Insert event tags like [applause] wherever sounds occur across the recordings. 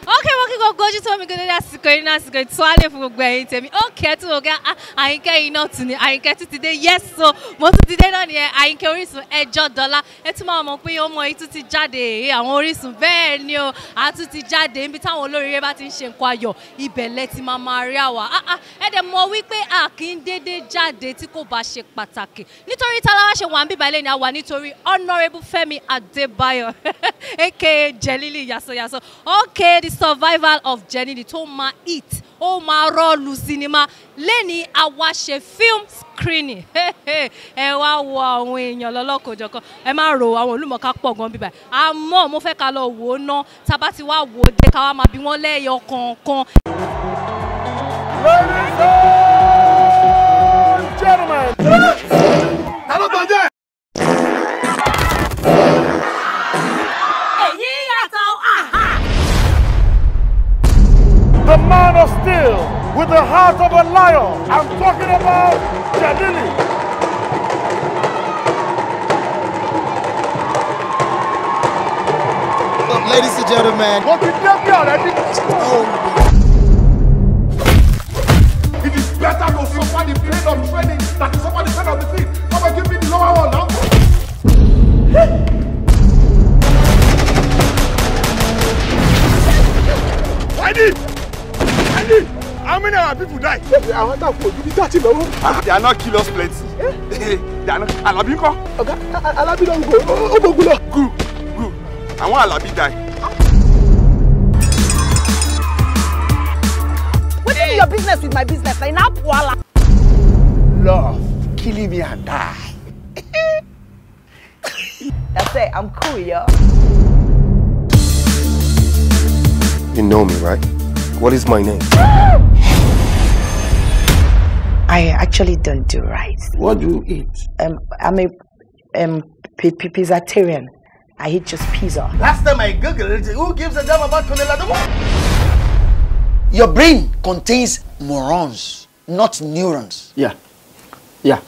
okay wọ́n kí gbogbo ojú tó mi gbé lórí àsìkò yìí náà àsìkò ìtúwálé fún gbogbo ẹ̀yin tèmi okay tí mo ga ah, àyínkẹ́ yìí náà tún ni àyínkẹ́ tún ti dé yes so mo tún ti dé náà nìyẹn àyínkẹ́ orísun ẹjọ́ dọ́là ẹ tún máa mọ̀ pé ọmọ yìí tún ti jáde àwọn orísun bẹ́ẹ̀ ni o a tún ti jáde níbi táwọn olóríire bá ti ń ṣe nǹkan ayọ̀ ibẹ̀ lẹ ti máa máa rí àwa ah, ah, ẹ dẹ̀ mọ̀ wípé a kì í dédé jáde tí kò bá ṣe pàtàkì nítorí táláwá ṣe wà ń bíbá ilé ni a wà nítorí honourable Fẹ́mi Adébáyọ̀ aka [laughs] Jelili yasoyaso okay pé the survival of Jenny tó máa hit ó máa rọ́ọ̀lù sinimá lẹ́ni àwa film screening ẹ wá wo àwọn èèyàn lọ́lọ́kọ̀ọ́jọ̀kan ẹ má ro àwọn olùmọ̀ọ́ká pọ̀ gan bíbá àmọ́ mo fẹ́ ká lọ wò ó ná tá a bá ti wá wò ó dé ká wá máa bí wọ́n lẹ́yọ kọ̀ọ̀kan. ladies and gentlemen. ta ló tọ́jú ẹ̀. the man of steel with the heart of a lion. I'm talking about Jalili. Ladies and gentlemen. How many our people die? Àwọn tá a kò ju bí thirty lọ́wọ́. Ah, they are not kill us plenty. Eh? [laughs] They are not Alabi ńkọ́. Ọ̀gá Alabi go. gbò go, go. lọ. Gù gù àwọn Alabi die. What is your business with my business? I now voila. Love, killing me and die. [laughs] That's it, I'm cool, yo. You know me, right? What is my name? [gasps] [laughs] I actually don't do rice. What do you eat? Um, I'm a um, p- p- pizzatarian. I eat just pizza. Last time I googled, who gives a damn about Tonelado? Your brain contains morons, not neurons. Yeah. Yeah.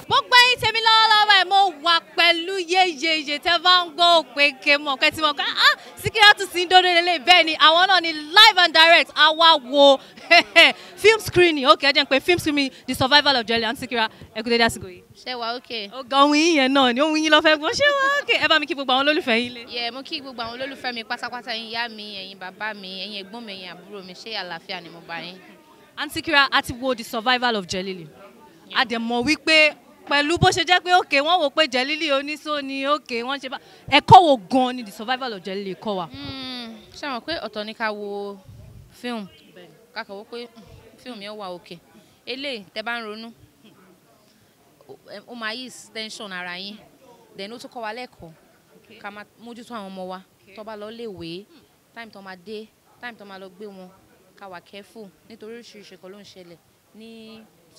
tèmi lọ́wọ́lọ́wọ́ ẹ̀ mo wà pẹ̀lú yeyeye tẹ́ bá ń gbọ́ òpè ké mọ̀ kẹ́ tí mo kọ́ ah Síkírátù sí dódó lélẹ̀ bẹ́ẹ̀ ni àwọn náà ni live and direct àwa wo film screening ok ẹ jẹ́ n pé film screening the survival of Jolly and Síkírá ẹ kú dédé àsìkò yìí. ṣé wàá ok. ọgá ohun yín yẹn náà ni ohun yín lọ fẹ́ gbọ́ ṣé wàá ok ẹ bá mi kí gbogbo àwọn olólùfẹ́ yín lé. yẹ mo kí gbogbo àwọn olólùfẹ́ mi pátápátá ẹ̀yin ìyá mi ẹ̀yin bàbá mi ẹ̀yin ẹ̀gbọ́n mi ẹ̀yin àbúrò mi ṣé àlàáfíà ni mo bá yín. Síkírá a ti wo the survival of Jolly a dẹ̀ mọ̀ wípé pẹ̀lú bó ṣe jẹ́ pé òkè wọ́n wò pé jẹ́lílì oníṣó ni òkè wọ́n ṣe bá ẹ̀kọ́ wo gan ni the survival of jẹ́lílì kọ́ wa. Hmm, ṣé àwọn pé ọ̀tọ̀ ni ká wo fíìmù kákan wọ́n pé hmm, fíìmù yẹn wà òkè eléyìí tẹ́ bá ń ronú hmm, ó máa yí tension ara yín then ó tún kọ́ wa lẹ́kọ̀ọ́ ká máa mójútó àwọn ọmọ wa tó bá lọ léèwé time tó máa dé time tó máa lọ gbé wọn ká wà careful nítorí oríṣiríṣi kan ló ń ṣẹlẹ̀ ní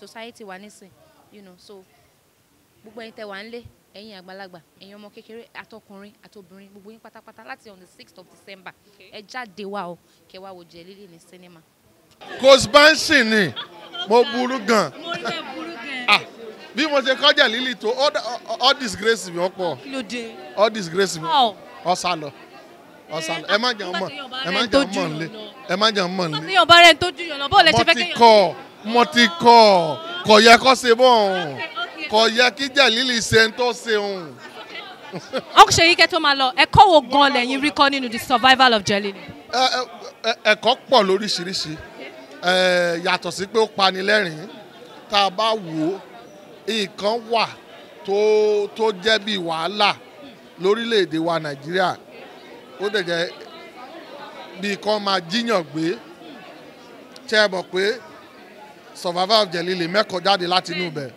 society wa nísìn you know so gbogbo ẹ̀yin tẹ́ wà ń lé ẹ̀yin àgbàlagbà ẹ̀yin ọmọ kékeré àtọkùnrin àtobìnrin gbogbo yín pátápátá láti on the sixth of december ẹ jáde wá o kẹ́ wá wo jẹ̀lílì ní sinimá. kòsbánsì ni mo burú gan ah, bí mo ṣe kọjá lílì tó all disgrace mi ọ̀pọ̀ all disgrace mi ọsà lọ ọsà lọ ẹ má jẹun mọ ẹ má jẹun mọ nílé ẹ má jẹun mọ nílé. mo ti yàn mo ti kọ kọ yẹ kó ṣe bọ́ọ̀ kò yẹ kí jẹ̀lílì ṣe ń tó ṣeun. ọkùnṣeyí [laughs] kẹ́ tó máa lọ ẹ̀kọ́ wo gan lẹ́yìn rí kọ́ nínú the survival of jẹ̀lílì. ẹ̀kọ́ pọ̀ lóríṣiríṣi yàtọ̀ sí pé ó pani lẹ́rìn-ín tá a bá wò ó nǹkan wà tó tó jẹ́ bí wàhálà lórílẹ̀‐èdè wa nàìjíríà ó dẹ̀ jẹ́ bí kan máa jíyàn gbé ṣe é mọ̀ pé survival of jẹ̀lílì mẹ́kọ̀ọ́ jáde látinú bẹ̀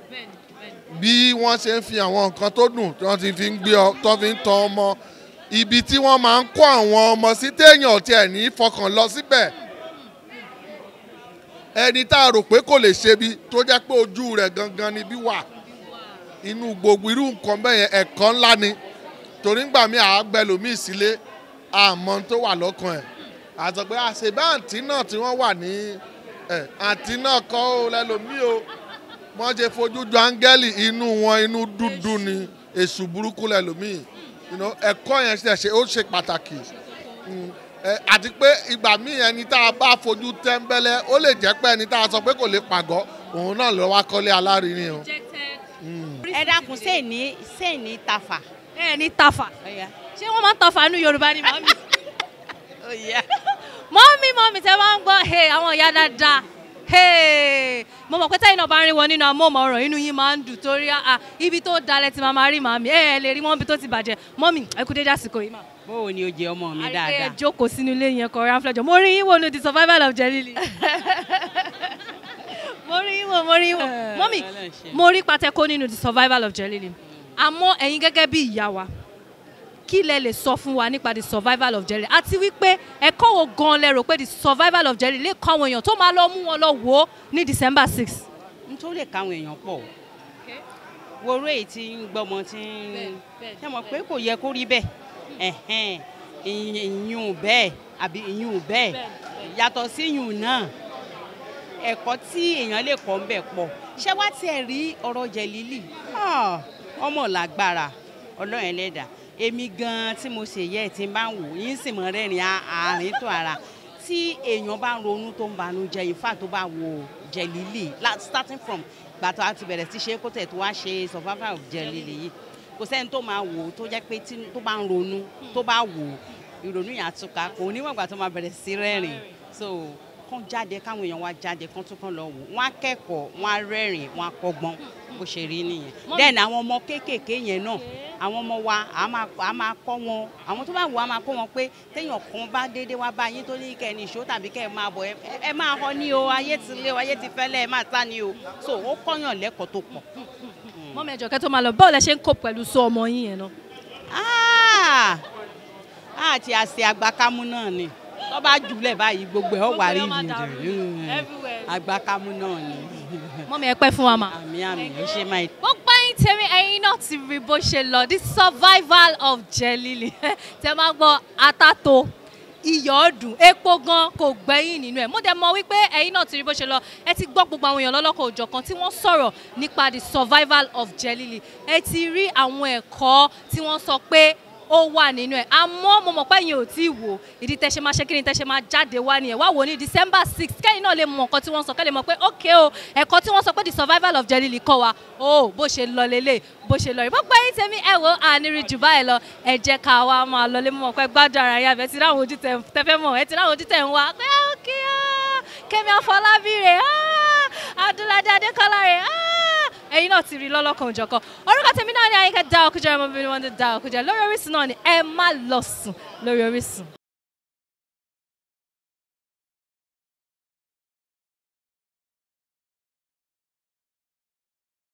bí wọ́n ṣe ń fi àwọn nǹkan tó dùn tí wọ́n ti fi ń gbé ọ tó fi ń tan ọmọ ibi tí wọ́n máa ń kó àwọn ọmọ sí téèyàn tiẹ̀ ní fọkàn lọ síbẹ̀ ẹni tá a rò pé kò lè ṣe bí tó jẹ́ pé ojú rẹ̀ gangan ni bí wà inú gbogbo irú nǹkan bẹ́ẹ̀ yẹn ẹ̀kọ́ ńlá ni torí ń gbà mí àgbẹ̀lòmíì sílé àmọ́ tó wà lọ́kàn ẹ̀ àtọ̀gbẹ́ àṣebá àǹtí náà tí wọ́n wà ní àǹtí náà kọ́ ó lẹ́lòmíì o wọ́n ṣe fojú ju áńgẹ́lì inú wọn inú dúdú ni èṣù burúkú lẹ́lòmíì ẹ̀kọ́ yẹn ṣe ó ṣe pàtàkì hmm. àti pé ìgbà míì ẹni tá a bá fojú tẹ́ńbẹ́lẹ́ ó lè jẹ́ pé ẹni tá a sọ pé kò lè pàgọ́ òun náà ló wá kọ́lé alárinrin o. Hmm. ẹ dákun ṣé ní ṣé ní tafa. ẹ ní tafa ṣé wọ́n máa ń tafa ní Yorùbá ni mọ́mí. mọ́mí mọ́mí tẹ́ máa ń gbọ́ àwọn ìyá dáadáa mo mọ̀ pé tẹ́yìn náà bá ń rí wọn nínú amóhùnmáwòrán inú yín máa ń dùn torí ah, ah, ibi tó dalẹ̀ ti máa máa rí màmí ẹ lè rí wọn bí tó ti bàjẹ́ mọ́mì ẹ kú dédé àsìkò yìí mà. bóò ni o jẹ ọmọ mi dáadáa. àìlè jókòó sínú ilé yẹn kọ rán fúlẹ̀jọ mo rí yín wò ní the survival of jelili. [laughs] mo rí yín wò mo rí yín wò eh, mọ́mì mo rí pátákó nínú the survival of jelili àmọ́ ẹ̀yin gẹ́gẹ́ bí ìyá wa kí lẹ lè sọ fún wa nípa the survival of Jerry àti wípé ẹ̀kọ́ wo gan lẹ rò pé the survival of Jerry lè kọ́ àwọn èèyàn tó máa lọ mú wọn lọ wò ó ní December six. n tó lè ka àwọn èèyàn pọ̀ woro èyí tí ń gbọ́mọ tí ń ṣe mọ̀ pé kò yẹ kó rí bẹ́ẹ̀ ìyún bẹ́ẹ̀ àbí ìyún bẹ́ẹ̀ yàtọ̀ sí ìyún náà ẹ̀kọ́ tí èèyàn lè kọ́ ń bẹ̀ pọ̀ ṣé wá tiẹ̀ rí ọ̀rọ̀ jẹ̀ lílì ọmọ làgbára ọlọ́run ẹlẹ́dàá èmi gan tí mo ṣe yẹ tí n bá ń wò yín sì mọ rẹ́rìn àárín tó ara tí èèyàn bá ronú tó ń banú jẹ ìfà tó bá wò jẹlílì starting from gbàtọ́ àti bẹ̀rẹ̀ sí ṣe kó tẹ̀ tó wá ṣe survival of jẹlílì yìí kò sẹ́ni tó máa wò tó jẹ́ pé tó bá ń ronú tó bá wò ìrònú yẹn àtúkà kò níwọ̀n ìgbà tó máa bẹ̀rẹ̀ sí rẹ́rìn so kán jáde káwọn èèyàn wá jáde kán tún kán lọ wò wọ́n á kẹ́kọ̀ọ́ wọ́n á rẹ́rìn wọ́n á kọ́gbọ́n bó ṣe rí nìyẹn then àwọn ọmọ kéékèèké yẹn náà àwọn ọmọ wa a máa kọ́ wọn àwọn tó bá wù á máa kọ́ wọn pé téèyàn kan bá déédéé wá bá yín tó ní kẹ́ ẹ ní ìṣó tàbí kẹ́ ẹ máa bọ̀ ẹ máa họ ní o ayé ti lé o ayé ti fẹ́lẹ́ ẹ máa ta ni o so ó kọ́yàn lẹ́kọ̀ọ́ tó pọ̀. mọ́mí ẹ̀jọ̀ kẹ́ tó máa lọ báwo lẹ ṣe ń kó pẹ̀lú sọ ọmọ yín yẹn náà. àti ah! ah, àṣẹ àgbàkámú náà ni tó bá jùlẹ̀ báyìí gbogbo ẹ̀ ọ̀ wà rí mi agbákámú náà ni. mọ́mí ẹ pẹ́ fún wa mà. àmì àmì ló ṣe máa ń. gbogbo ẹ̀yin tèmi ẹ̀yin náà ti rí bó ṣe lọ the survival of jelili [laughs] tẹ máa gbọ́ atato iyọ̀ ọ̀dùn epo gan kò gbẹ́yìn nínú ẹ̀ mo dẹ̀ mọ̀ wípé ẹ̀yin náà ti rí bó ṣe lọ ẹ ti gbọ́ gbogbo àwọn èèyàn lọ́lọ́kọ̀ òjọ̀kan tí wọ́n sọ̀rọ̀ nípa the survival of jelili ẹ ti rí àwọn ẹ̀kọ́ tí wọ́n sọ pé ó wà nínú ẹ̀ àmọ́ mo mọ̀ pé yẹn ò tí ì wò ìdí tẹ́ ṣe máa ṣe kí ni tẹ́ ṣe máa jáde wá nìyẹn wá wò ní December six kẹ́yìn náà lè mọ nǹkan tí wọ́n sọ kẹ́lẹ́ mọ̀ pé ok o ẹ̀kọ́ tí wọ́n sọ pé the survival of jelly lè kọ́ wa o bó ṣe lọ lélẹ̀ bó ṣe lọ rí gbogbo ẹ̀yin tèmi ẹ wò àníri jù báyìí lọ ẹ jẹ́ ká wa máa lọ lé mọ̀ pé gbádùn ara yà bẹ́ẹ̀ ti ráwọn ojú tẹ fẹ́ mọ̀ ẹ ti ráwọn ojú tẹ̀ ẹ̀yin náà ti rí lọ́lọ́kan òjọ̀kan orúkọ tèmi náà ni Àyìnkẹ́ Dáòkújẹ́ ọmọbìnrin wọn ti Dáòkújẹ́ lórí Orísun náà ni ẹ má lọ sùn lórí Orísun.